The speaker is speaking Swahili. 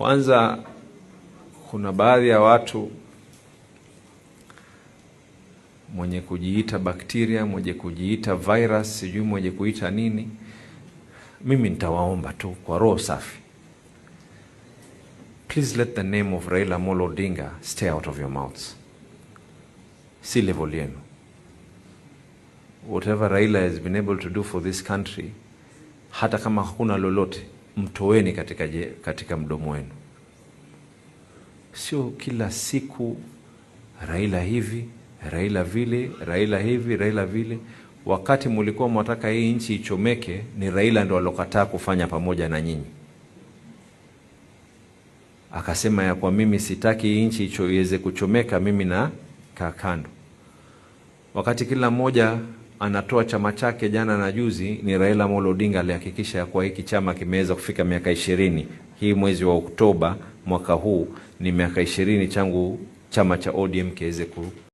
Kwanza kuna baadhi ya watu mwenye kujiita bakteria, mwenye kujiita virus, sijui mwenye kuita nini. Mimi nitawaomba tu kwa roho safi, please let the name of Raila Molo Odinga stay out of your mouths. Si level yenu. Whatever Raila has been able to do for this country, hata kama hakuna lolote mtoweni katika, katika mdomo wenu. Sio kila siku Raila hivi Raila vile Raila hivi Raila vile. Wakati mulikuwa mwataka hii nchi ichomeke, ni Raila ndo alokataa kufanya pamoja na nyinyi, akasema ya kwa mimi sitaki hii nchi iweze kuchomeka, mimi na kakando, wakati kila mmoja anatoa chama chake jana na juzi, ni Raila Amolo Odinga alihakikisha ya kuwa hiki chama kimeweza kufika miaka ishirini hii mwezi wa Oktoba mwaka huu ni miaka ishirini changu chama cha ODM kiweze ku